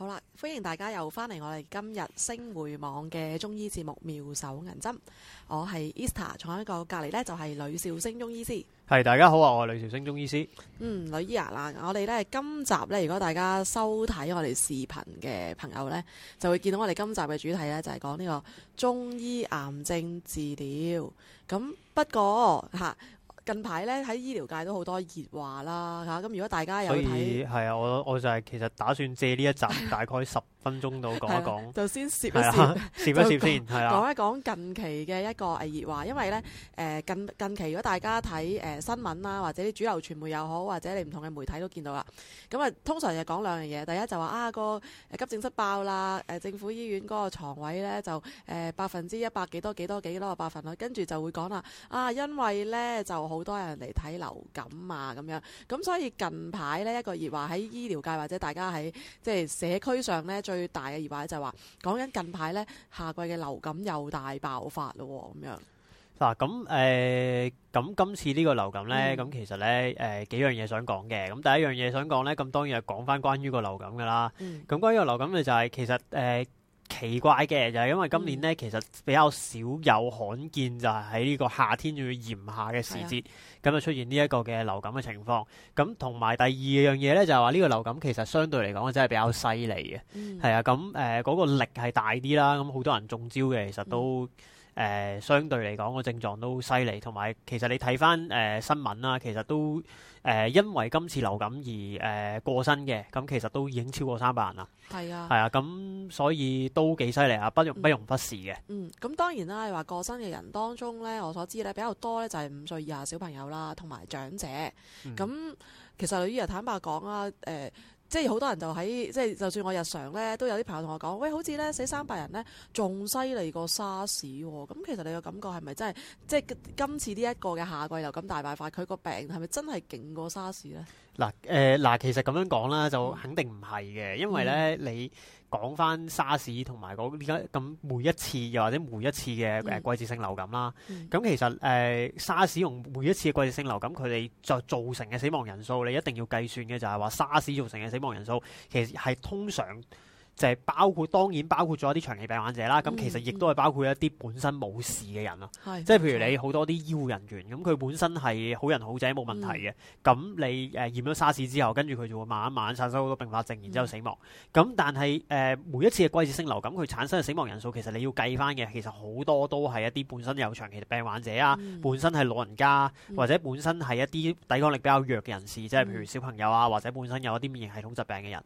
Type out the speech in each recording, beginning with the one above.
好啦，歡迎大家又翻嚟，我哋今日星匯網嘅中醫節目《妙手銀針》，我係 Esther，坐喺個隔籬呢，就係、是、呂少星中醫師。係，大家好啊，我係呂少星中醫師。嗯，呂醫啊，嗱，我哋呢今集呢，如果大家收睇我哋視頻嘅朋友呢，就會見到我哋今集嘅主題呢，就係講呢個中醫癌症治療。咁不過吓。啊近排咧喺醫療界都好多熱話啦嚇，咁、啊、如果大家有睇，係啊，我我就係其實打算借呢一集大概十。 分鐘到講一講， 就先攝一攝，一攝先，係啊，講一講近期嘅一個誒熱話，因為咧誒、呃、近近期如果大家睇誒、呃、新聞啦、啊，或者啲主流傳媒又好，或者你唔同嘅媒體都見到啦。咁啊，通常就講兩樣嘢，第一就話啊、那個急症室爆啦，誒、啊、政府醫院嗰個牀位咧就誒、呃、百分之一百幾多幾多幾多百分率，跟住就會講啦啊，因為咧就好多人嚟睇流感啊咁樣，咁所以近排呢，一個熱話喺醫療界或者大家喺即係社區上咧最最大嘅，疑惑就係話講緊近排呢，夏季嘅流感又大爆發咯、哦，咁樣。嗱、啊，咁、呃、誒，咁、呃呃呃、今次呢個流感呢，咁、嗯、其實呢，誒、呃，幾樣嘢想講嘅。咁第一樣嘢想講呢，咁當然係講翻關於，流、嗯、關於個流感噶啦。咁關於個流感，就係、是、其實誒。呃奇怪嘅就係因為今年呢，嗯、其實比較少有罕見就係喺呢個夏天仲要炎夏嘅時節咁、嗯、就出現呢一個嘅流感嘅情況。咁同埋第二樣嘢呢，就係話呢個流感其實相對嚟講，真係比較犀利嘅，係、嗯、啊。咁誒嗰個力係大啲啦。咁好多人中招嘅，其實都誒、嗯呃、相對嚟講個症狀都好犀利，同埋其實你睇返誒新聞啦，其實都。誒、呃，因為今次流感而誒、呃、過身嘅，咁其實都已經超過三百人啦。係是啊，啊，係啊，咁所以都幾犀利啊，不容、嗯、不容忽視嘅。嗯，咁、嗯、當然啦，你話過身嘅人當中咧，我所知咧，比較多咧就係五歲以下小朋友啦，同埋長者。咁、嗯、其實你又坦白講啊，誒、呃。即係好多人就喺即係，就算我日常咧都有啲朋友同我講，喂，好似咧死三百人咧，仲犀利過沙士喎。咁其實你嘅感覺係咪真係即係今次呢一個嘅夏季流感大爆發，佢個病係咪真係勁過沙士咧？嗱，誒，嗱，其實咁樣講啦，就肯定唔係嘅，嗯、因為咧你。嗯講翻沙士同埋嗰而家咁每一次又或者每一次嘅誒季節性流感啦，咁、嗯、其實誒沙士用每一次嘅季節性流感佢哋就造成嘅死亡人數，你一定要計算嘅就係話沙士造成嘅死亡人數，其實係通常。就係包括當然包括咗一啲長期病患者啦，咁、嗯、其實亦都係包括一啲本身冇事嘅人啦。嗯、即係譬如你好多啲醫護人員，咁佢本身係好人好者冇問題嘅，咁、嗯、你誒驗咗沙士之後，跟住佢就會慢慢產生好多併發症，然之後死亡。咁、嗯、但係誒、呃、每一次嘅季節性流感，佢產生嘅死亡人數其實你要計翻嘅，其實好多都係一啲本身有長期病患者啊，嗯、本身係老人家、嗯、或者本身係一啲抵抗力比較弱嘅人士，即係譬如小朋友啊，或者本身有一啲免疫系統疾病嘅人。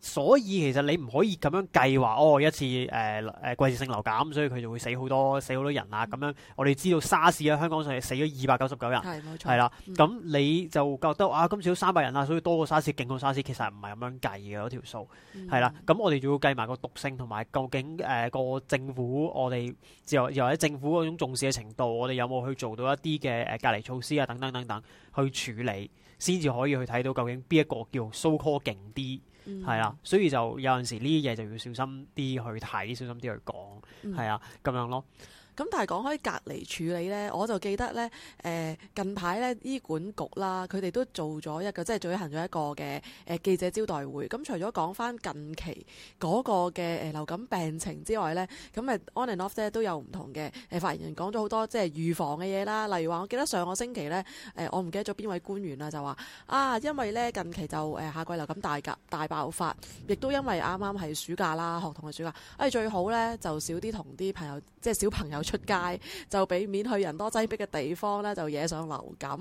所以其實你唔可以咁樣計話哦，一次誒誒、呃、季節性流感，所以佢就會死好多死好多人啊。咁、嗯、樣我哋知道沙士喺香港上係死咗二百九十九人，係冇錯，係啦的。咁、嗯、你就覺得啊，今次三百人啦、啊，所以多過沙士，勁過沙士，其實唔係咁樣計嘅嗰條數係啦。咁、嗯、我哋仲要計埋個毒性同埋究竟誒、呃、個政府我哋，又又或者政府嗰種重視嘅程度，我哋有冇去做到一啲嘅誒隔離措施啊，等等等等，等，等去處理，先至可以去睇到究竟邊一個叫 so call 勁啲。係啦，所以就有陣時呢啲嘢就要小心啲去睇，小心啲去講，係啊、嗯，咁樣咯。咁但係講開隔離處理咧，我就記得咧，誒近排咧醫管局啦，佢哋都做咗一個即係舉行咗一個嘅誒記者招待會，咁、嗯、除咗講翻近期嗰個嘅誒流感病情之外咧，咁、嗯、誒 on and off 咧都有唔同嘅誒發言人講咗好多即係預防嘅嘢啦。例如話我記得上個星期咧，誒我唔記得咗邊位官員啦、啊，就話啊，因為咧近期就誒夏季流感大夾大爆發，亦都因為啱啱係暑假啦，學童嘅暑假，誒最好咧就少啲同啲朋友，即係小朋友。出街就避免去人多擠迫嘅地方呢就惹上流感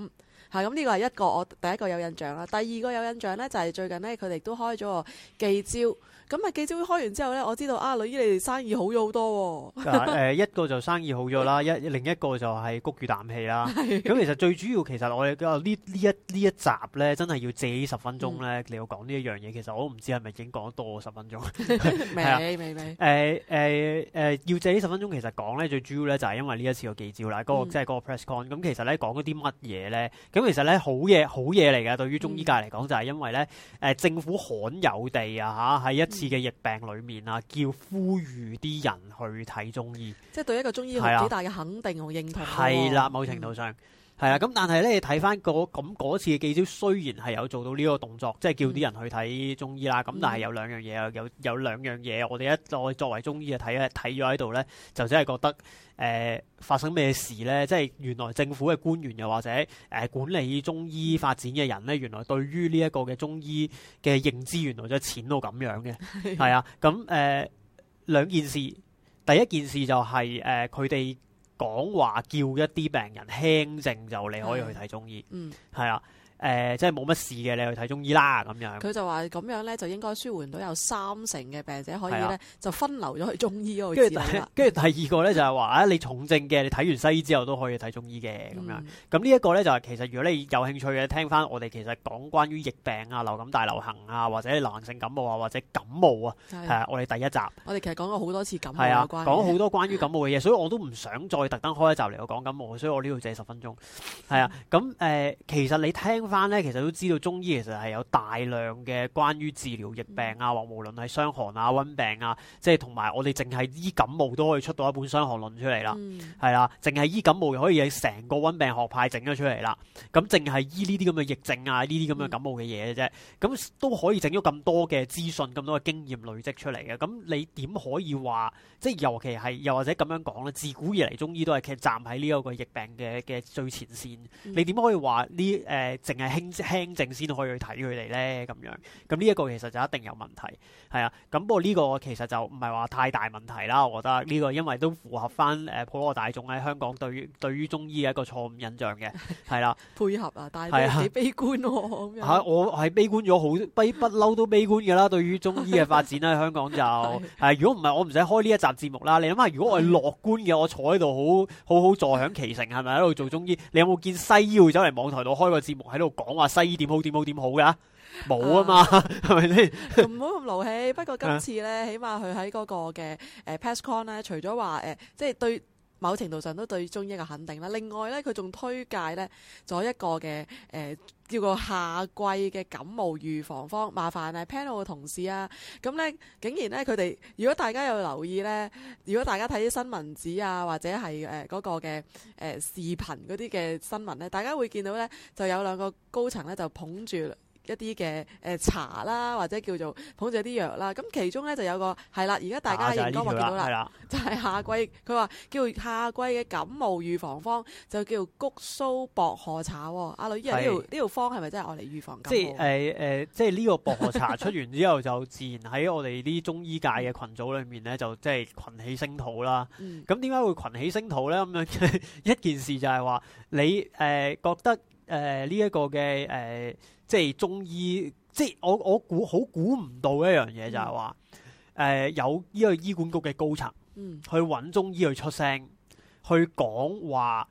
嚇。咁呢個係一個我第一個有印象啦。第二個有印象呢，就係最近呢，佢哋都開咗個記招。咁啊，記者會開完之後咧，我知道啊，女姨你哋生意好咗好多。誒，一個就生意好咗啦， 一另一個就係谷住啖氣啦。咁 其實最主要，其要，嗯，要，其實我哋呢呢一呢一集咧，真係要借呢十分鐘咧，你要講呢一樣嘢。其實我唔知係咪已經講多十分鐘未？未誒誒誒，要借呢十分鐘，其實講咧最主要咧就係因為呢一次記、嗰個記者會啦，嗰個、嗯、即係嗰個 press con。咁其實咧講咗啲乜嘢咧？咁其實咧好嘢好嘢嚟㗎。對於中醫界嚟講，就係因為咧誒、嗯呃、政府罕有地啊嚇係一、嗯。次嘅疫病裏面啊，叫呼籲啲人去睇中醫，即係對一個中醫好幾大嘅肯定，好認同。係啦，某程度上。嗯係啊，咁但係咧你睇翻嗰咁次嘅記招，雖然係有做到呢個動作，即係叫啲人去睇中醫啦。咁、嗯、但係有兩樣嘢，有有兩樣嘢，我哋一我作為中醫啊睇睇咗喺度咧，就真係覺得誒、呃、發生咩事咧？即係原來政府嘅官員又或者誒、呃、管理中醫發展嘅人咧，原來對於呢一個嘅中醫嘅認知，原來就淺到咁樣嘅。係啊， 咁誒兩件事，第一件事就係誒佢哋。呃講話叫一啲病人輕症就你可以去睇中醫，嗯，係啊。誒、呃，即係冇乜事嘅，你去睇中醫啦咁樣。佢就話咁樣咧，就應該舒緩到有三成嘅病者可以咧，的就分流咗去中醫嗰度。跟住第二個咧， 就係話啊，你重症嘅，你睇完西醫之後都可以睇中醫嘅咁樣。咁、嗯、呢一個咧，就係、是、其實如果你有興趣嘅，聽翻我哋其實講關於疫病啊、流感大流行啊，或者流行性感冒啊，或者感冒啊，係的、啊、我哋第一集，我哋其實講咗好多次感冒，講好多關於感冒嘅嘢，所以我都唔想再特登開一集嚟我講感冒，所以我呢度借十分鐘。係啊、嗯，咁誒、嗯嗯嗯嗯，其實你聽翻咧，其實都知道中醫其實係有大量嘅關於治療疫病啊，或者無論係傷寒啊、瘟病啊，即係同埋我哋淨係醫感冒都可以出到一本傷寒論出嚟啦，係啦、嗯，淨係醫感冒又可以成個瘟病學派整咗出嚟啦。咁淨係醫呢啲咁嘅疫症啊，呢啲咁嘅感冒嘅嘢嘅啫，咁、嗯、都可以整咗咁多嘅資訊、咁多嘅經驗累積出嚟嘅。咁你點可以話，即係尤其係又或者咁樣講咧？自古以嚟中醫都係站喺呢一個疫病嘅嘅最前線，你點可以話呢？誒、呃，係輕輕症先可以去睇佢哋咧，咁樣，咁呢一個其實就一定有問題。係啊，咁不過呢個其實就唔係話太大問題啦，我覺得呢個因為都符合翻，誒，普羅大眾喺香港對於對於中醫嘅一個錯誤印象嘅，係啦，配合的啊，但係幾悲觀喎，我係悲觀咗好，不不嬲都悲觀嘅啦，對於中醫嘅發展咧，香港就 的、啊、如果唔係我唔使開呢一集節目啦，你諗下如果我係樂觀嘅，我坐喺度好好好坐享其成係咪喺度做中醫？你有冇見西醫會走嚟網台度開個節目喺度？講話西醫點好點好點好嘅，冇啊嘛，係咪先？唔好咁勞氣，不過今次咧，起碼佢喺嗰個嘅誒，past con 咧，除咗話誒，即係對。某程度上都對中醫嘅肯定啦。另外呢佢仲推介呢咗一個嘅誒、呃，叫做夏季嘅感冒預防方。麻煩係，panel 嘅同事啊，咁呢，竟然呢，佢哋，如果大家有留意呢，如果大家睇啲新聞紙啊，或者係誒嗰個嘅誒、呃、視頻嗰啲嘅新聞呢，大家會見到呢就有兩個高層呢，就捧住，一啲嘅誒茶啦，或者叫做捧住啲藥啦，咁、嗯、其中咧就有個係啦。而家大家亦都見到啦，就係、是、夏季。佢話、嗯、叫夏季嘅感冒預防方，就叫菊蘇薄荷茶、啊。阿、啊、女，呢條呢條方係咪真係愛嚟預防感冒？即係誒誒，即係呢個薄荷茶出完之後，就自然喺我哋啲中醫界嘅群組裏面咧， 就即係群起聲討啦。咁點解會群起聲討咧？咁 樣一件事就係話你誒覺得。誒，呢一、呃呢個嘅誒、呃，即係中醫，即係我我估好估唔到一樣嘢就係話，誒、嗯呃、有呢個醫管局嘅高層去揾中醫去出聲，去講話，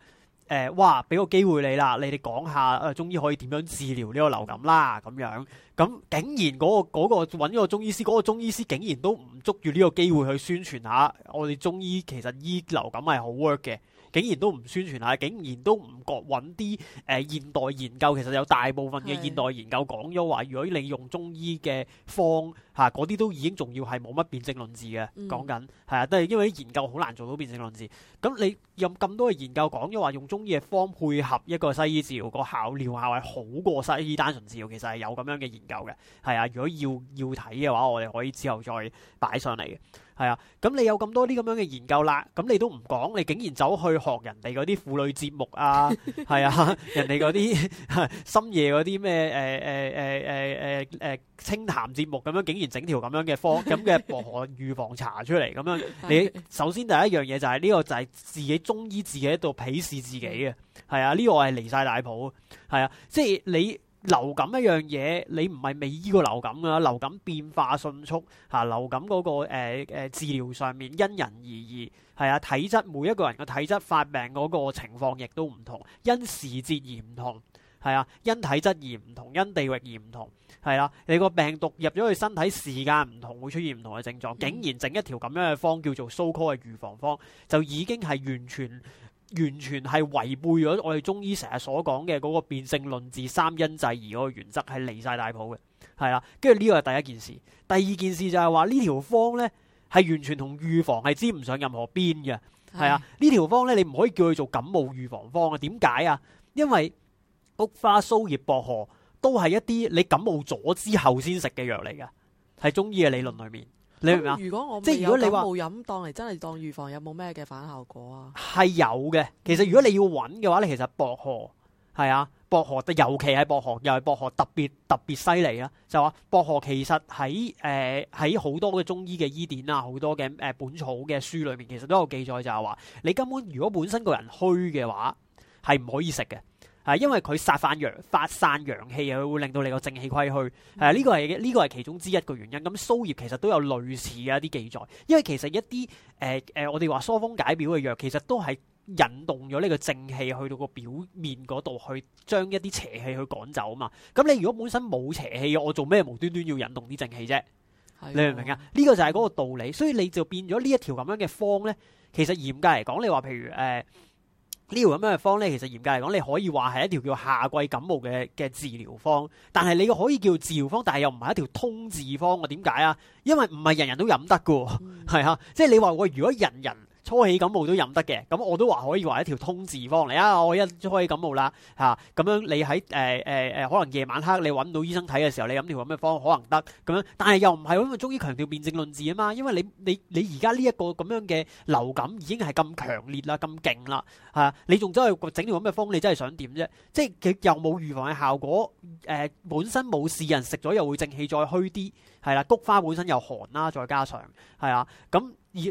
誒、呃，哇，俾個機會你啦，你哋講下誒中醫可以點樣治療呢個流感啦，咁樣，咁、嗯、竟然嗰、嗰個嗰、嗰個揾、嗰個、個中醫師，嗰、嗰個中醫師竟然都唔捉住呢個機會去宣傳下，我哋中醫其實醫流感係好 work 嘅。竟然都唔宣傳下，竟然都唔覺揾啲誒現代研究，其實有大部分嘅現代研究講咗話，如果你用中醫嘅方嚇嗰啲，啊、都已經仲要係冇乜辯證論治嘅講、嗯、緊，係啊，都係因為啲研究好難做到辯證論治。咁你有咁多嘅研究講咗話，用中醫嘅方配合一個西醫治療，個效療效係好過西醫單純治療，其實係有咁樣嘅研究嘅。係啊，如果要要睇嘅話，我哋可以之後再擺上嚟嘅。係啊，咁你有咁多啲咁樣嘅研究啦，咁你都唔講，你竟然走去學人哋嗰啲婦女節目啊，係啊， 人哋嗰啲深夜嗰啲咩誒誒誒誒誒誒清談節目咁樣，竟然整條咁樣嘅方咁嘅薄荷預防茶出嚟，咁樣 你首先第一樣嘢就係呢個就係自己中醫自己喺度鄙視自己嘅，係啊，呢個係離晒大譜，係啊，即係你。流感一樣嘢，你唔係未醫過流感㗎。流感變化迅速嚇，流感嗰、那個誒、呃、治療上面因人而異，係啊，體質每一個人嘅體質發病嗰個情況亦都唔同，因時節而唔同，係啊，因體質而唔同，因地域而唔同，係啦、啊，你個病毒入咗去身體時間唔同，會出現唔同嘅症狀。嗯、竟然整一條咁樣嘅方叫做 so-called 嘅預防方，就已經係完全。完全係違背咗我哋中醫成日所講嘅嗰個辯證論治、三因制宜嗰個原則，係離晒大譜嘅，係啦。跟住呢個係第一件事，第二件事就係話呢條方呢係完全同預防係沾唔上任何邊嘅，係啊？呢條的方呢，你唔可以叫佢做感冒預防方啊。點解啊？因為菊花、蘇葉、薄荷都係一啲你感冒咗之後先食嘅藥嚟嘅，係中醫嘅理論裏面。你明唔明啊？即係如，如果你話冇飲當嚟，真係當預防有冇咩嘅反效果啊？係有嘅。其實如果你要揾嘅話，咧其實薄荷係啊，薄荷尤其係薄荷，又係薄荷特別特別犀利啊！就話薄荷其實喺誒喺好多嘅中醫嘅醫典啊，好多嘅誒、呃、本草嘅書裏面，其實都有記載就係話，你根本如果本身個人虛嘅話，係唔可以食嘅。係，因為佢殺伐陽，發散陽氣，佢會令到你個正氣虧虛。係呢個係呢個係其中之一個原因。咁蘇葉其實都有類似嘅一啲記載，因為其實一啲誒誒，我哋話疏風解表嘅藥，其實都係引動咗呢個正氣去到個表面嗰度，去將一啲邪氣去趕走啊嘛。咁你如果本身冇邪氣，我做咩無端端要引動啲正氣啫？嗯、你明唔明啊？呢個就係嗰個道理。所以你就變咗呢一條咁樣嘅方咧，其實嚴格嚟講，你話譬如誒、呃。呢條咁樣嘅方咧，其實嚴格嚟講，你可以話係一條叫夏季感冒嘅嘅治療方，但係你可以叫治療方，但係又唔係一條通治方啊？點解啊？因為唔係人人都飲得噶係、嗯、 啊，即係你話喂，如果人人。初起感冒都飲得嘅，咁我都話可以話一條通治方嚟啊！我一初起感冒啦，嚇、啊、咁樣你喺誒誒誒，可能夜晚黑你揾到醫生睇嘅時候，你飲條咁嘅方可能得咁樣，但係又唔係，因為中醫強調辨證論治啊嘛，因為你你你而家呢一個咁樣嘅流感已經係咁強烈啦，咁勁啦，嚇、啊、你仲真係整條咁嘅方，你真係想點啫？即係又冇預防嘅效果，誒、呃、本身冇事，人食咗又會正氣再虛啲，係啦，菊花本身又寒啦，再加上係啊，咁。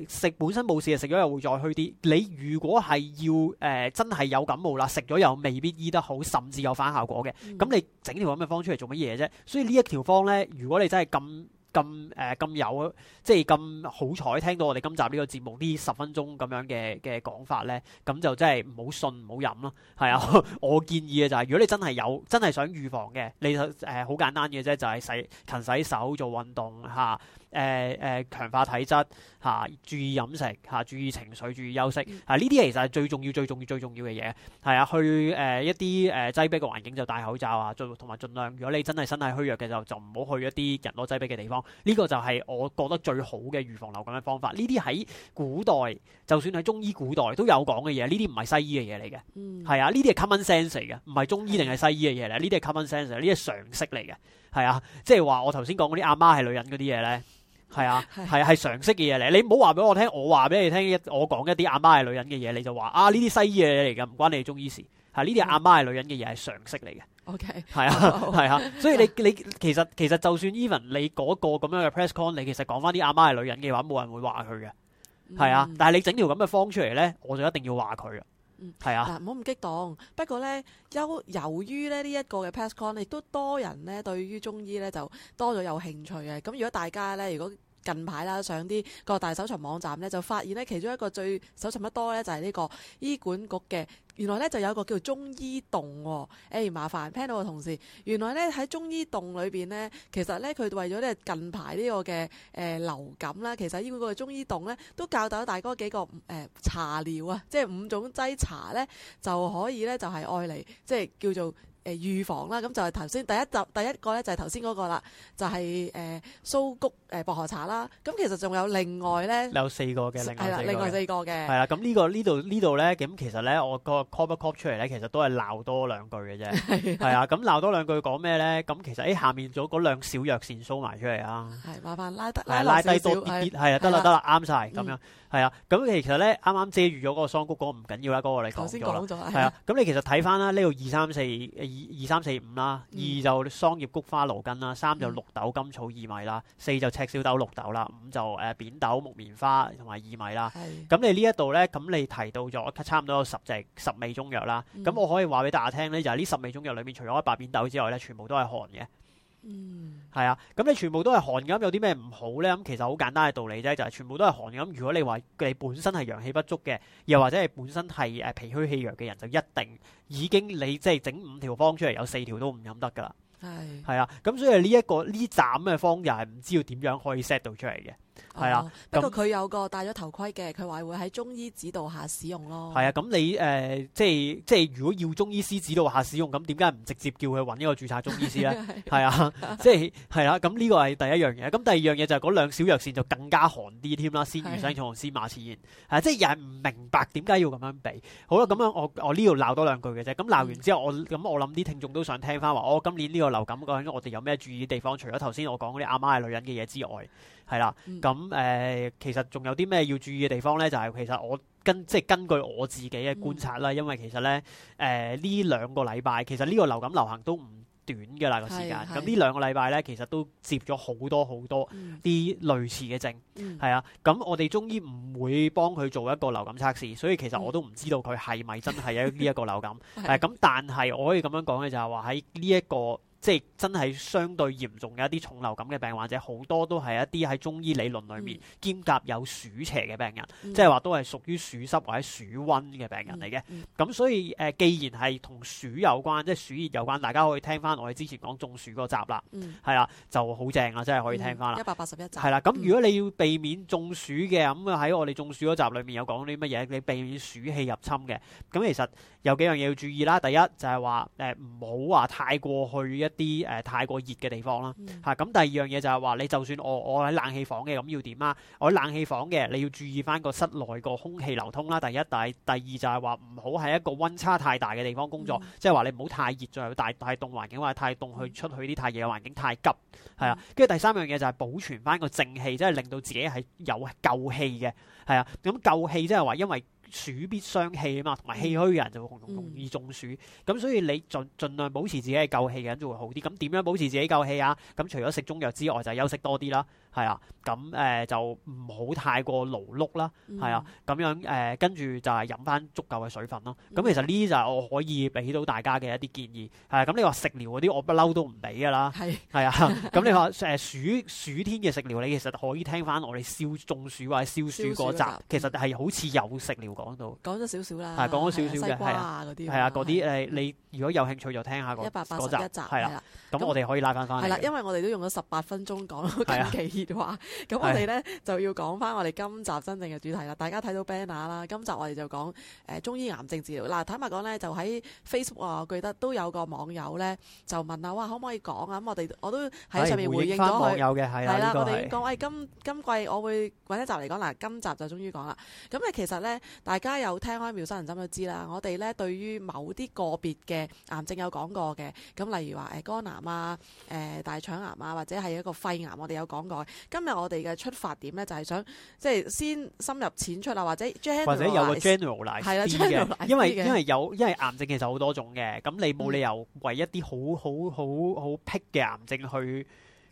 食本身冇事，食咗又會再虛啲。你如果係要誒、呃、真係有感冒啦，食咗又未必醫得好，甚至有反效果嘅。咁、嗯、你整條咁嘅方出嚟做乜嘢啫？所以呢一條方咧，如果你真係咁咁誒咁有，即係咁好彩聽到我哋今集呢個節目呢十分鐘咁樣嘅嘅講法咧，咁就真係唔好信，唔好飲咯。係啊，我建議嘅就係、是、如果你真係有真係想預防嘅，你就好、呃、簡單嘅啫，就係洗勤洗手、做運動嚇。誒誒、呃呃、強化體質嚇、啊，注意飲食嚇、啊，注意情緒，注意休息。啊，呢啲其實係最重要、最重要、最重要嘅嘢、啊，係啊，去誒、呃、一啲誒擠逼嘅環境就戴口罩啊，同埋盡量，如果你真係身體虛弱嘅就就唔好去一啲人多擠逼嘅地方。呢、呢個就係我覺得最好嘅預防流感嘅方法。呢啲喺古代，就算喺中醫古代都有講嘅嘢。呢啲唔係西醫嘅嘢嚟嘅，係、嗯、啊，呢啲係 common sense 嚟嘅，唔係中醫定係西醫嘅嘢嚟。呢啲係 common sense，呢啲係常識嚟嘅，係啊，即係話我頭先講嗰啲阿媽係女人嗰啲嘢咧。係啊，係啊，係、啊、常識嘅嘢嚟。你唔好話俾我聽，我話俾你聽，我講一啲阿媽係女人嘅嘢，你就話啊呢啲西醫嘅嘢嚟㗎，唔關你中醫事。係呢啲阿媽係女人嘅嘢，係常識嚟嘅。OK，係啊，係 啊。所以你 你其實其實就算 Even 你嗰個咁樣嘅 Press Con，你其實講翻啲阿媽係女人嘅話，冇人會話佢嘅。係、嗯、啊，但係你整條咁嘅方出嚟咧，我就一定要話佢、嗯、啊。係啊，嗱，唔好咁激動。不過咧，由由於呢一個嘅 Press Con，亦都多人咧對於中醫咧就多咗有興趣嘅。咁如果大家咧，如果近排啦，上啲各大搜尋網站咧，就發現咧，其中一個最搜尋得多咧，就係呢個醫管局嘅。原來咧，就有一個叫中醫洞喎、哦。誒、哎，麻煩聽到嘅同事，原來咧喺中醫洞裏邊咧，其實咧，佢為咗咧近排呢個嘅誒流感啦，其實醫管局嘅中醫洞咧都教到大哥幾個誒、呃、茶療啊，即係五種劑茶咧就可以咧就係愛嚟，即係叫做。誒預防啦，咁就係頭先第一集第一個咧，就係頭先嗰個啦，就係誒蘇菊誒薄荷茶啦。咁其實仲有另外咧，有四個嘅另外四個，係啊。咁呢個呢度呢度咧，咁其實咧，我個 call 不 call 出嚟咧，其實都係鬧多兩句嘅啫。係啊，咁鬧多兩句講咩咧？咁其實喺下面咗嗰兩小藥線 show 埋出嚟啊。係，麻煩拉得拉落少少，係啊，得啦得啦，啱晒咁樣，係啊。咁其實咧，啱啱遮住咗嗰桑菊嗰個唔緊要啦，嗰個你頭先講咗，係啊。咁你其實睇翻啦，呢度二三四。二三四五啦，二就桑葉菊花蘆根啦，三就綠豆甘草薏米啦，四就赤小豆綠豆啦，五就誒、呃、扁豆木棉花同埋薏米啦。咁是的 你呢一度咧，咁你提到咗差唔多有十隻十味中藥啦。咁、嗯、我可以話俾大家聽咧，就係、是、呢十味中藥裏面，除咗白扁豆之外咧，全部都係寒嘅。嗯，係啊，咁你全部都係寒咁，有啲咩唔好咧？咁其實好簡單嘅道理啫，就係、是、全部都係寒咁。如果你話你本身係陽氣不足嘅，又或者係本身係誒脾虛氣弱嘅人，就一定已經你即係、就是、整五條方出嚟，有四條都唔飲得噶啦。係係啊，咁所以呢、這個、一個呢斬嘅方又係唔知道點樣可以 set 到出嚟嘅。係啊，不過佢有個戴咗頭盔嘅，佢話會喺中醫指導下使用咯。係啊，咁你誒、呃，即係即係如果要中醫師指導下使用，咁點解唔直接叫佢搵一個註冊中醫師咧？係 啊， 即係係啦，咁呢、啊、個係第一樣嘢。咁第二樣嘢就係嗰兩小藥膳就更加寒啲添啦。先魚腥草，先馬齒莧，啊，即係人唔明白點解要咁樣畀。好啦、啊，咁樣我、嗯、我呢度鬧多兩句嘅啫。咁鬧完之後，我咁我諗啲聽眾都想聽翻話，我、哦、今年呢個流感究竟我哋有咩注意地方？除咗頭先我講嗰啲阿媽係女人嘅嘢之外。係啦，咁誒、呃、其實仲有啲咩要注意嘅地方咧？就係、是、其實我跟即係根據我自己嘅觀察啦，嗯、因為其實咧誒呢、呃、兩個禮拜其實呢個流感流行都唔短㗎喇個時間。咁呢的兩個禮拜咧，其實都接咗好多好多啲、嗯、類似嘅症，係啊、嗯。咁我哋中醫唔會幫佢做一個流感測試，嗯、所以其實我都唔知道佢係咪真係有呢一個流感。係咁，但係我可以咁樣講嘅就係話喺呢一個。即係真係相對嚴重嘅一啲重流感嘅病患者，好多都係一啲喺中醫理論裏面、嗯、兼夾有暑邪嘅病人，嗯、即係話都係屬於暑濕或者暑温嘅病人嚟嘅。咁、嗯嗯、所以誒、呃，既然係同暑有關，即係暑熱有關，大家可以聽翻我哋之前講中暑嗰集、嗯、啦，係啦就好正啦、啊，真係可以聽翻、嗯、啦。一百八十一集係啦。咁如果你要避免中暑嘅咁，喺我哋中暑嗰集裏面有講啲乜嘢？你避免暑氣入侵嘅。咁其實有幾樣嘢要注意啦。第一就係話誒，唔好話太過去一。啲誒、呃、太過熱嘅地方啦，嚇咁、嗯啊嗯、第二樣嘢就係話你就算我我喺冷氣房嘅咁要點啊？我喺冷氣房嘅你要注意翻個室內個空氣流通啦。第一，第一第二就係話唔好喺一個温差太大嘅地方工作，即係話你唔好太熱，再有太凍環境或者太凍去出去啲太熱嘅環境太急，係啊。跟、嗯、住第三樣嘢就係保存翻個正氣，即係令到自己係有夠氣嘅，係啊。咁、嗯、夠氣即係話因為。暑必傷氣啊嘛，同埋氣虛嘅人就會容易中暑，咁、嗯、所以你盡盡量保持自己嘅夠氣嘅人就會好啲。咁點樣保持自己夠氣啊？咁除咗食中藥之外，就休息多啲啦。係啊，咁誒就唔好太過勞碌啦，係啊，咁樣誒跟住就係飲翻足夠嘅水分咯。咁其實呢啲就係我可以俾到大家嘅一啲建議。係咁，你話食療嗰啲我不嬲都唔俾㗎啦。係啊，咁你話誒暑暑天嘅食療，你其實可以聽翻我哋燒中暑或者燒暑嗰集，其實係好似有食療講到講咗少少啦。係講咗少少嘅係啊，嗰啲，誒你如果有興趣就聽下嗰嗰集係啦。咁我哋可以拉翻翻嚟。係啦，因為我哋都用咗十八分鐘講話咁，我哋咧就要講翻我哋今集真正嘅主題啦。大家睇到 banner 啦，今集我哋就講誒、呃、中醫癌症治療。嗱，坦白講咧，就喺 Facebook，我記得都有個網友咧就問啦，哇，可唔可以講啊？咁我哋我都喺上面回應咗佢。有嘅，係啦。我哋講，誒今今季我會揾一集嚟講。嗱，今集就終於講啦。咁誒，其實咧，大家有聽開《妙手銀針》都知啦。我哋咧對於某啲個別嘅癌症有講過嘅，咁例如話誒肝癌啊、誒、呃呃呃、大腸癌啊，或者係一個肺癌，我哋有講過。今日我哋嘅出發點咧，就係想即係先深入淺出啦，或者 generalize，或者有個 general 嚟先的因為因為有， 因為有因為癌症其實好多種嘅，咁你冇理由為一啲好好好好好僻嘅癌症去。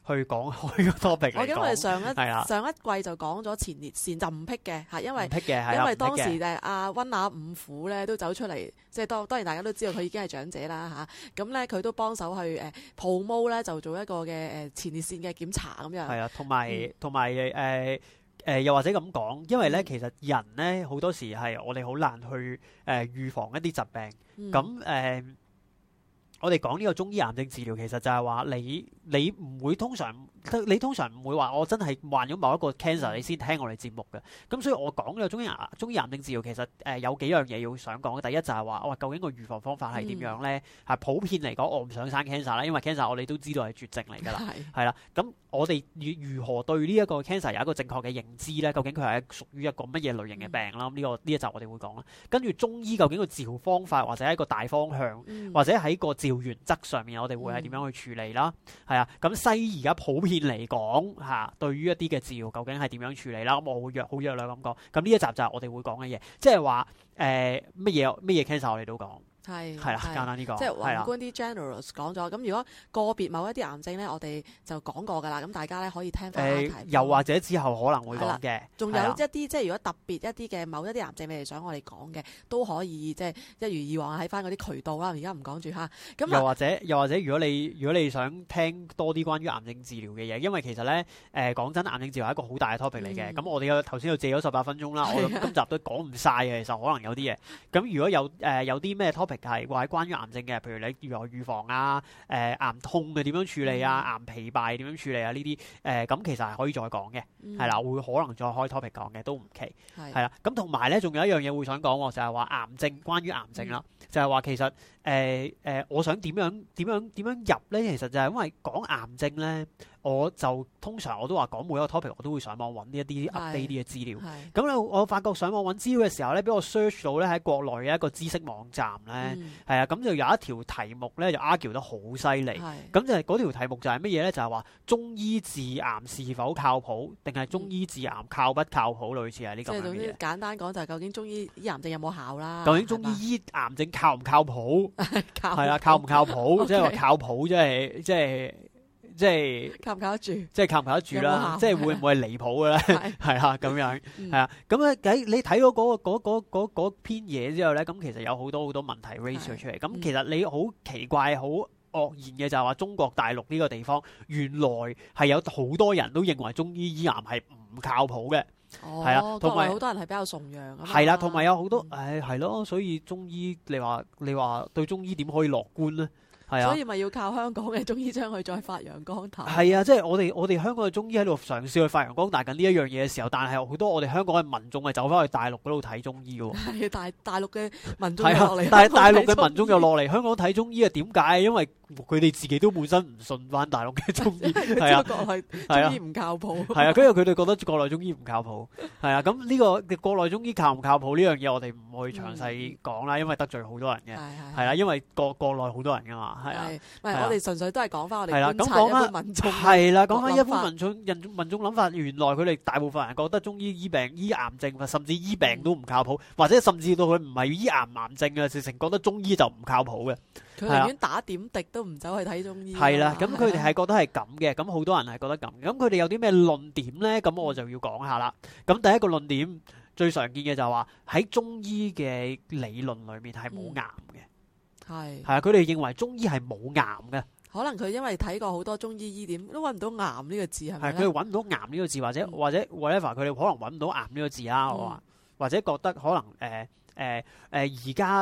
去講開個 topic，我因為上一是的 上一季就講咗前列腺浸逼嘅嚇，因為浸嘅，因為當時就阿温拿五虎咧都走出嚟，即係當當然大家都知道佢已經係長者啦嚇，咁咧佢都幫手去誒抱毛咧，就做一個嘅誒前列腺嘅檢查咁樣。係啊，同埋同埋誒誒，又或者咁講，因為咧、嗯、其實人咧好多時係我哋好難去誒、呃、預防一啲疾病，咁誒。嗯呃呃呃我哋講呢個中醫癌症治療，其實就係話你你唔會通常，你通常唔會話我真係患咗某一個 cancer 你先聽我哋節目嘅。咁所以我講呢個中醫癌中醫癌症治療，其實誒、呃、有幾樣嘢要想講。第一就係話，喂，究竟個預防方法係點樣咧？係、嗯、普遍嚟講，我唔想生 cancer 因為 cancer 我哋都知道係絕症嚟㗎啦，係啦是。咁我哋如何對呢一個 cancer 有一個正確嘅認知咧？究竟佢係屬於一個乜嘢類型嘅病啦？呢、嗯這個呢一集我哋會講啦。跟住中醫究竟個治療方法或者係一個大方向，或者喺個，個治原則上面，我哋會係點樣去處理啦？係、嗯、啊，咁西醫而家普遍嚟講吓，對於一啲嘅治療，究竟係點樣處理啦？咁我會約好約略咁講，咁呢一集就係我哋會講嘅嘢，即係話誒乜嘢乜嘢 cancer 我哋都講。係，簡單呢個。即係圍觀啲 generous 講咗，咁如果個別某一啲癌症咧，我哋就講過㗎啦。咁大家咧可以聽翻下題目，又或者之後可能會講嘅。仲有一啲即係如果特別一啲嘅某一啲癌症，你哋想我哋講嘅都可以，即係一如以往喺翻嗰啲渠道啦。而家唔講住吓，咁又或者又或者，如果你如果你想聽多啲關於癌症治療嘅嘢，因為其實咧誒講真，癌症治療係一個好大嘅 topic 嚟嘅。咁我哋頭先又借咗十八分鐘啦，我今集都講唔晒嘅，其實可能有啲嘢。咁如果有誒有啲咩 topic？係話或者關於癌症嘅，譬如你如何預防啊？誒、呃，癌痛嘅點樣處理啊？嗯、癌疲憊點樣處理啊？呢啲誒咁其實係可以再講嘅，係啦、嗯，會可能再開 topic 講嘅都唔奇係啦。咁同埋咧，仲的有，有一樣嘢會想講，就係、是、話癌症關於癌症啦，嗯、就係話其實。誒誒、呃呃，我想點樣點樣點樣入咧？其實就係因為講癌症咧，我就通常我都話講每一個 topic 我都會上網揾啲一啲 update 啲嘅資料。咁、嗯、我發覺上網揾資料嘅時候咧，俾我 search 到咧喺國內嘅一個知識網站咧，係啊、嗯，咁就有一條題目咧就 argue 得好犀利。咁是就係嗰條題目就係乜嘢咧？就係、是、話中醫治癌是否靠譜，定係中醫治癌、嗯、靠不靠譜類似係呢咁嘅嘢。即係總之簡單講就係、是、究竟中醫醫癌症有冇效啦？究竟中醫醫癌症靠唔靠譜？係啊，靠唔靠譜？即係話靠譜，即係即係即係靠唔靠得住？即係靠唔靠得住啦？即係會唔會係離譜嘅咧？係啦，咁樣係啊。咁咧喺你睇咗嗰個篇嘢之後咧，咁其實有好多好多問題 research 出嚟。咁其實你好奇怪好愕然嘅就係話中國大陸呢個地方原來係有好多人都認為中醫醫癌係唔靠譜嘅。哦，同埋好多人係比較崇洋的啊，係啦，同埋有好多，唉、嗯，係咯、哎，所以中醫，你話你話對中醫點可以樂觀咧？所以咪要靠香港嘅中醫將佢再發揚光大。係啊，即係我哋我哋香港嘅中醫喺度嘗試去發揚光大緊呢一樣嘢嘅時候，但係好多我哋香港嘅民眾係走翻去大陸嗰度睇中醫㗎喎。係啊，大大陸嘅民眾係啊，但係大陸嘅民眾又落嚟香港睇中醫啊？點解？因為佢哋自己都本身唔信翻大陸嘅中醫。係啊，國內中醫唔靠譜。係啊，跟住佢哋覺得國內中醫唔靠譜。係啊，咁呢個國內中醫靠唔靠譜呢樣嘢，我哋唔去詳細講啦，因為得罪好多人嘅，係啊，因為國國內好多人㗎嘛。係啊，唔係我哋純粹都係講翻我哋觀察一般民眾，係啦，講翻一般民眾，民眾諗法。原來佢哋大部分人覺得中醫醫病醫癌症，甚至醫病都唔靠譜，或者甚至到佢唔係醫癌癌症啊，直情覺得中醫就唔靠譜嘅。佢寧願打點滴都唔走去睇中醫。係啦，咁佢哋係覺得係咁嘅，咁好多人係覺得咁。咁佢哋有啲咩論點咧？咁我就要講下啦。咁第一個論點最常見嘅就係話喺中醫嘅理論裏面係冇癌嘅。係係啊！佢哋是認為中醫係冇癌嘅，可能佢因為睇過好多中醫醫典，都揾唔到癌呢個字，係咪？係佢哋揾唔到癌呢個字，或者、嗯、或者 whatever，佢哋可能揾唔到癌呢個字啦。我話、嗯、或者覺得可能誒。呃誒誒，而家、呃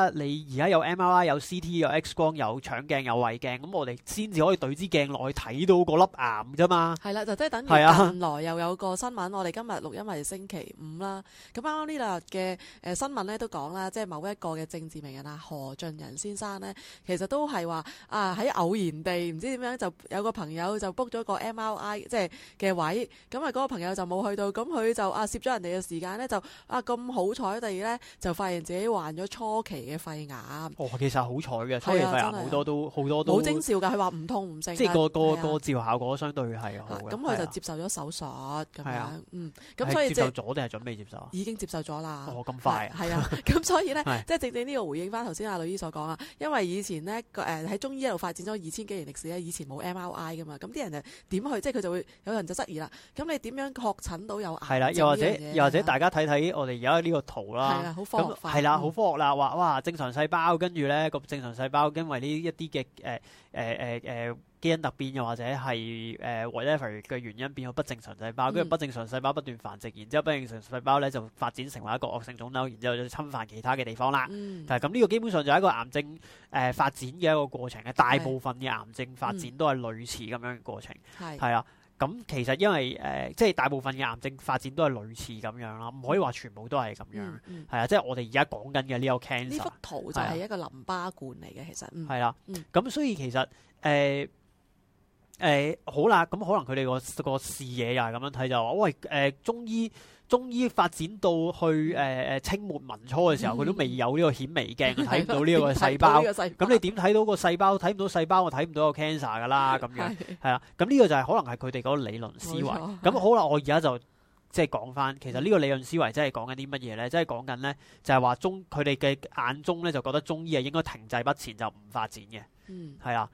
呃、你而家有 MRI 有 CT 有 X 光有腸鏡有胃鏡，咁我哋先至可以對支鏡落去睇到嗰粒癌啫嘛。係啦，就即係等於近來又有個新聞，的我哋今日錄音係星期五啦。咁啱啱呢輪嘅誒新聞咧都講啦，即係某一個嘅政治名人啊何俊仁先生咧，其實都係話啊喺偶然地唔知點樣就有個朋友就 book 咗個 MRI 即係嘅位，咁啊嗰個朋友就冇去到，咁、嗯、佢就啊攝咗人哋嘅時間咧就啊咁好彩地咧就發現。自己患咗初期嘅肺癌。哦，其實好彩嘅，初期肺癌好多都好多都冇徵兆㗎，佢話唔痛唔腫。即係個個個治療效果相對係好。咁佢就接受咗手術咁樣。咁所以接受咗定係準備接受？已經接受咗啦。哦，咁快？係啊，咁所以咧，即係正正呢個回應翻頭先阿女醫所講啊，因為以前咧，誒喺中醫一路發展咗二千幾年歷史咧，以前冇 MRI 㗎嘛，咁啲人就點去？即係佢就會有人就質疑啦。咁你點樣確診到有癌？係啦，又或者又或者大家睇睇我哋而家呢個圖啦。係啊，好方係啦，好科學啦，話，哇正常細胞跟住咧個正常細胞，細胞因為呢一啲嘅誒誒誒誒基因突變，又或者係誒、呃、whatever 嘅原因變咗不正常細胞，跟住、嗯、不正常細胞不斷繁殖，然之後不正常細胞咧就發展成為一個惡性腫瘤，然之後就侵犯其他嘅地方啦。但係咁呢個基本上就係一個癌症誒、呃、發展嘅一個過程嘅，大部分嘅癌症發展都係類似咁樣嘅過程，係係啦。嗯是咁其實因為誒，即、呃、係、就是、大部分嘅癌症發展都係類似咁樣啦，唔可以話全部都係咁樣，係啊、嗯嗯，即係我哋而家講緊嘅呢個 cancer 呢幅圖就係一個淋巴管嚟嘅，其實係啦，咁、嗯的嗯、所以其實誒。呃誒好啦，咁可能佢哋個個視野又係咁樣睇就話，喂誒中醫中醫發展到去誒誒清末民初嘅時候，佢都未有呢個顯微鏡，睇唔到呢個細胞。咁你點睇到個細胞？睇唔到細胞，我睇唔到個 cancer 㗎啦。咁樣係啊，咁呢個就係可能係佢哋嗰個理論思維。咁好啦，我而家就即係講翻，其實呢個理論思維真係講緊啲乜嘢咧？即係講緊咧，就係話中佢哋嘅眼中咧，就覺得中醫係應該停滯不前，就唔發展嘅。嗯，係啊。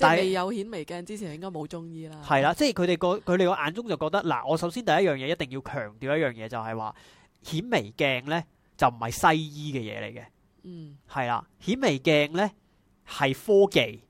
但係有顯微鏡之前應該冇中醫啦但。係啦， 即係佢哋個佢哋個眼中就覺得嗱，我首先第一樣嘢一定要強調一樣嘢就係話顯微鏡咧就唔係西醫嘅嘢嚟嘅。嗯，係啦，顯微鏡咧係科技，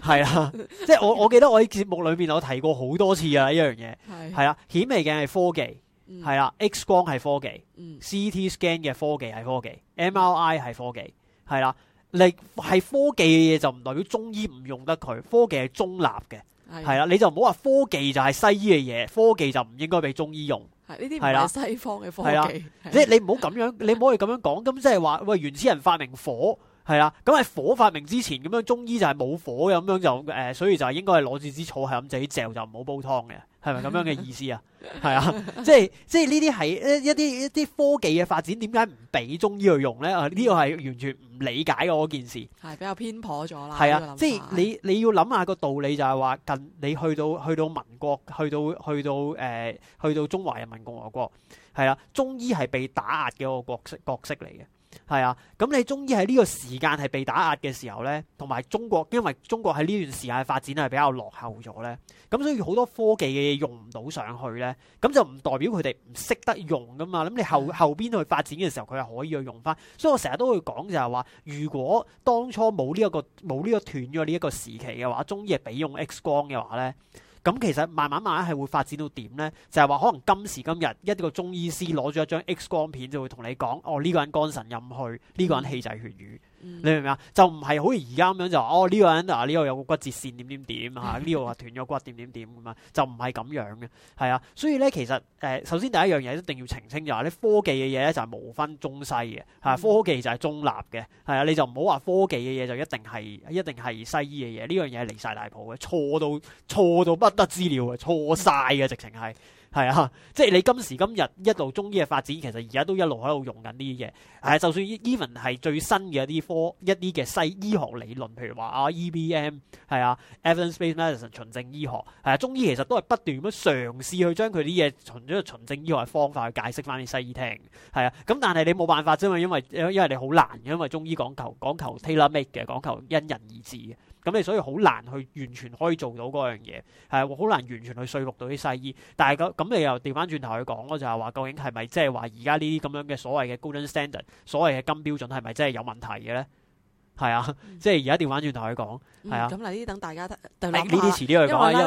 係啦。 即係我我記得我喺節目裏面我提過好多次啊，一樣嘢係啦，顯微鏡係科技，係啦、嗯，X 光係科技，CT scan 嘅科技係科技，MRI 係科技，係啦、嗯。 嚟係科技嘅嘢就唔代表中醫唔用得佢，科技係中立嘅，係啦是的，你就唔好話科技就係西醫嘅嘢，科技就唔應該俾中醫用，係呢啲係啦西方嘅科技，即係你唔好咁樣，你唔可以咁樣講，咁即係話喂，原始人發明火係啦，咁喺火發明之前咁樣，中醫就係冇火咁樣就誒、呃，所以就係應該係攞住支草係咁自己嚼就唔好煲湯嘅。係咪咁樣嘅意思啊？係啊，即係即係呢啲係一一啲一啲科技嘅發展，點解唔俾中醫去用咧？啊，呢個係完全唔理解嗰件事，係比較偏頗咗啦。係啊，即係你你要諗下個道理就係話，近你去到去到民國，去到去到誒、呃，去到中華人民共和國，係啊，中醫係被打壓嘅個角色角色嚟嘅。係啊，咁你中醫喺呢個時間係被打壓嘅時候咧，同埋中國因為中國喺呢段時間嘅發展係比較落後咗咧，咁所以好多科技嘅嘢，用唔到上去咧，咁就唔代表佢哋唔識得用噶嘛。咁你後、嗯、後邊去發展嘅時候，佢係可以去用翻。所以我成日都會講就係話，如果當初冇呢一個冇呢個斷咗呢一個時期嘅話，中醫係俾用 X 光嘅話咧。咁其實慢慢慢慢係會發展到點呢？就係、是、話可能今時今日，一個中醫師攞咗一張 X 光片就會同你講：哦，呢、這個人肝腎陰虛，呢、這個人氣滯血瘀。你明唔明、哦、啊？就唔係好似而家咁樣就哦，呢個人啊，呢度有個骨折線點點點吓，呢度啊，斷咗骨點點點咁，啊就唔係咁樣嘅。係啊，所以咧，其實誒、呃、首先第一樣嘢一定要澄清就係、是、啲科技嘅嘢咧，就係無分中西嘅吓、啊、科技就係中立嘅。係啊，你就唔好話科技嘅嘢就一定係一定係西醫嘅嘢，呢樣嘢離晒大譜嘅，錯到錯到不得之了啊，錯晒嘅，直情係。係啊，即係你今時今日一路中醫嘅發展，其實而家都一路喺度用緊呢啲嘢。誒、啊，就算 even 係最新嘅一啲科一啲嘅西醫學理論，譬如話啊 EBM 係啊 Evidence Based Medicine 循證醫學，係啊，中醫其實都係不斷咁嘗試去將佢啲嘢循咗循證醫學方法去解釋翻俾西醫聽。係啊，咁但係你冇辦法啫嘛，因為因為你好難，因為中醫講求講求 tailor made 嘅，講求因人而治。咁你所以好難去完全可以做到嗰樣嘢，係好難完全去說服到啲西醫。但係咁你又調翻轉頭去講咯，就係話究竟係咪即係話而家呢啲咁樣嘅所謂嘅 Golden Standard，所謂嘅金標準係咪真係有問題嘅咧？係啊，即係而家調翻轉頭去講，係啊。咁嗱，呢等大家等呢啲遲啲去講啦，因為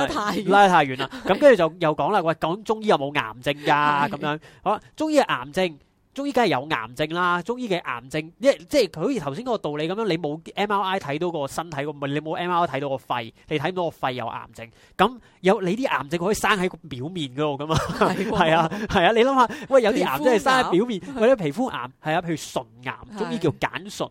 拉得太遠啦。咁跟住就又講啦，喂，講中醫有冇癌症噶？咁樣，好啦，中醫係癌症。中醫梗係有癌症啦，中醫嘅癌症，一即係佢好似頭先嗰個道理咁樣，你冇 MRI 睇到個身體，唔係你冇 MRI 睇到個肺，你睇唔到個肺有癌症，咁有你啲癌症可以生喺表面嗰度噶嘛？係 啊，係啊，你諗下，喂，有啲癌症係生喺表面， 或者皮膚癌，係啊，譬如唇癌， 中醫叫繭唇，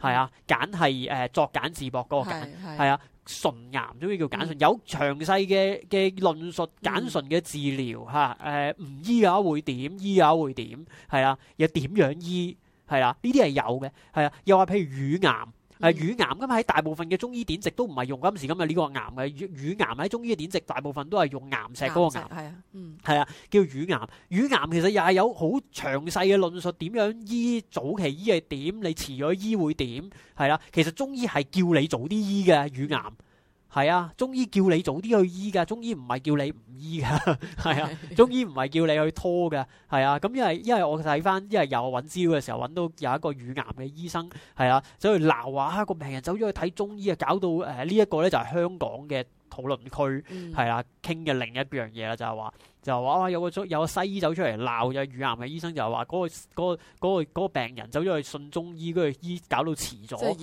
係啊，繭係誒、呃、作繭自縛嗰個繭，係 是啊。唇癌，呢啲叫繭唇，有詳細嘅嘅論述繭唇嘅治療吓，誒唔、嗯啊呃、醫啊會點，醫啊會點，係啊，又點樣醫，係啦、啊，呢啲係有嘅，係啊，又話譬如乳癌。係乳癌㗎嘛？喺大部分嘅中醫典籍，都唔係用今時今日呢個癌嘅乳癌。喺中醫嘅典籍，大部分都係用岩石嗰個癌，係啊，嗯，係啊，叫乳癌。乳癌其實又係有好詳細嘅論述，點樣醫，早期醫係點，你遲咗醫會點，係啦。其實中醫係叫你早啲醫嘅乳癌。係啊，中醫叫你早啲去醫噶，中醫唔係叫你唔醫噶，係啊， 中醫唔係叫你去拖噶，係啊，咁因為因為我睇返，因為我揾資料嘅時候揾到有一個乳癌嘅醫生，係啊，走去鬧話、啊個病人走咗去睇中醫啊，搞到誒呢一個咧就係香港嘅討論區，係、嗯、啊，傾嘅另一樣嘢啦，就係話。就話哇，有個有個西醫走出嚟鬧有乳癌嘅醫生就、那個，就話嗰個嗰、那個嗰、那個、病人走咗去信中醫，跟、那、住、個、醫搞到遲咗，係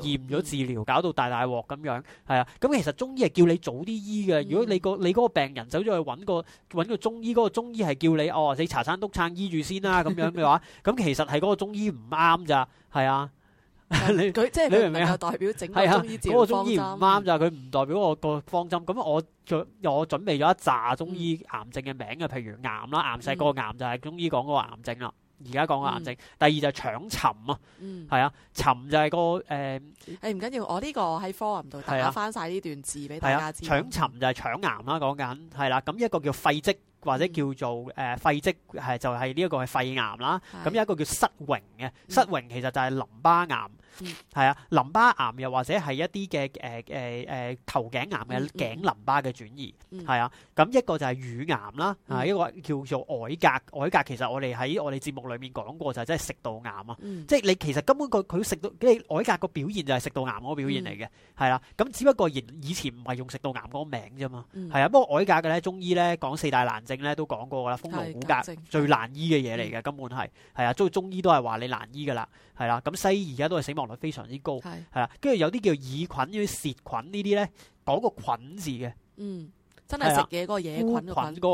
延咗治療，搞到大大鑊咁樣。係啊，咁、嗯、其實中醫係叫你早啲醫嘅。如果你、那個你嗰病人走咗去揾個，個中醫，嗰、那個中醫係叫你哦，你查餐督餐醫住先啦、啊、咁樣嘅話，咁 其實係嗰個中醫唔啱咋，係啊。佢 你即係唔係代表整個中醫治方針？唔啱就係佢唔代表我個方針。咁我準我準備咗一扎中醫癌症嘅名嘅，譬如癌啦、癌細個、嗯、癌就係中醫講嗰個癌症啦。而家講個癌症。癌症嗯、第二就係腸沉、嗯、啊、係、那個呃哎、啊、沉就係個誒誒唔緊要。我呢個喺科 o r u m 度打翻曬呢段字俾大家知、啊。腸沉就係腸癌啦，講緊係啦。咁一個叫肺積。嗯嗯嗯嗯嗯嗯嗯嗯或者叫做誒肺積係，就係呢一個係肺癌啦，咁有一個叫失榮嘅失榮其實就係淋巴癌，係啊淋巴癌又或者係一啲嘅誒誒誒頭頸癌嘅頸淋巴嘅轉移，係啊，咁一個就係乳癌啦，係一個叫做噎膈噎膈，其實我哋喺我哋節目裏面講過，就係即係食道癌啊，即係你其實根本佢食到，你噎膈個表現就係食道癌個表現嚟嘅，係啦，咁只不過以前唔係用食道癌個名啫嘛，係啊，不過噎膈嘅咧中醫咧講四大難症。都講過噶啦，風龍骨癌最難醫嘅嘢嚟嘅，根本係係啊，中中醫都係話你難醫噶啦，係啦、啊，咁西醫而家都係死亡率非常之高，係啦、啊，跟住、啊、有啲叫耳菌、啲舌菌呢啲咧，嗰、嗯個，啊、個菌字嘅，嗯，真係食嘢嗰個野菌嗰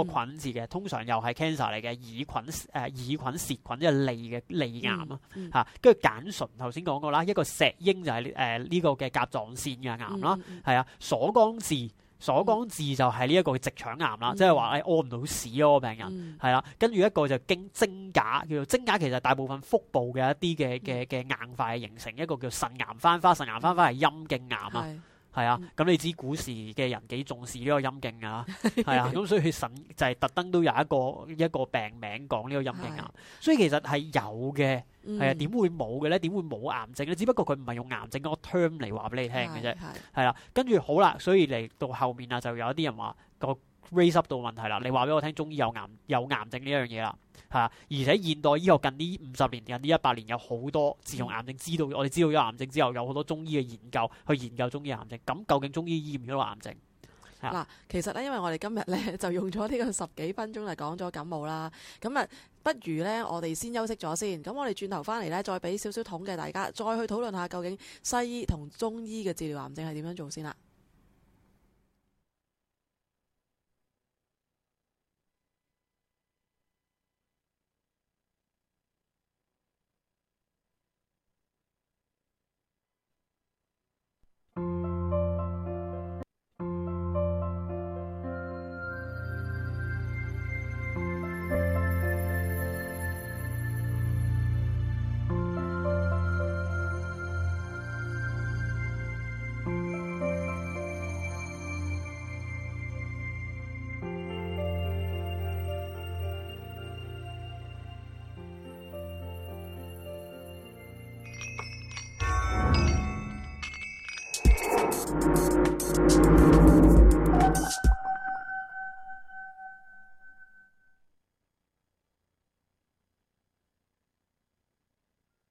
個菌字嘅，通常又係 cancer 嚟嘅耳菌誒耳菌舌菌即係脷嘅脷癌、嗯嗯、啊，吓，跟住繭唇頭先講過啦，一個石癭就係誒呢個嘅甲狀腺嘅癌啦，係啊、嗯，鎖肛痔。嗯嗯嗯嗯嗯所講治就係呢一個直腸癌啦，即係話誒屙唔到屎嗰病人係啦、啊，跟住、嗯啊、一個就經癥瘕，叫做癥瘕，其實大部分腹部嘅一啲嘅嘅嘅硬化形成一個叫腎岩翻花，腎岩翻花係陰莖癌啊。嗯係啊，咁你知古時嘅人幾重視呢個陰莖啊？係 啊，咁所以佢神，就係特登都有一個一個病名講呢個陰莖癌，啊，是所以其實係有嘅，係啊，點會冇嘅咧？點會冇癌症咧？只不過佢唔係用癌症嗰個 term 嚟話俾你聽嘅啫，係啦是，跟住，啊，好啦，所以嚟到後面啊，就有一啲人話個。Ray 濕度問題啦，你話俾我聽，中醫有癌有癌症呢樣嘢啦，吓、啊，而且現代醫學近呢五十年近呢一百年有好多，自從癌症知道我哋知道咗癌症之後，有好多中醫嘅研究去研究中醫癌症，咁究竟中醫醫唔到癌症？嗱、啊，其實呢，因為我哋今日呢，就用咗呢個十幾分鐘嚟講咗感冒啦，咁啊，不如呢，我哋先休息咗先，咁我哋轉頭翻嚟呢，再俾少少統計大家再去討論下究竟西醫同中醫嘅治療癌症係點樣做先啦。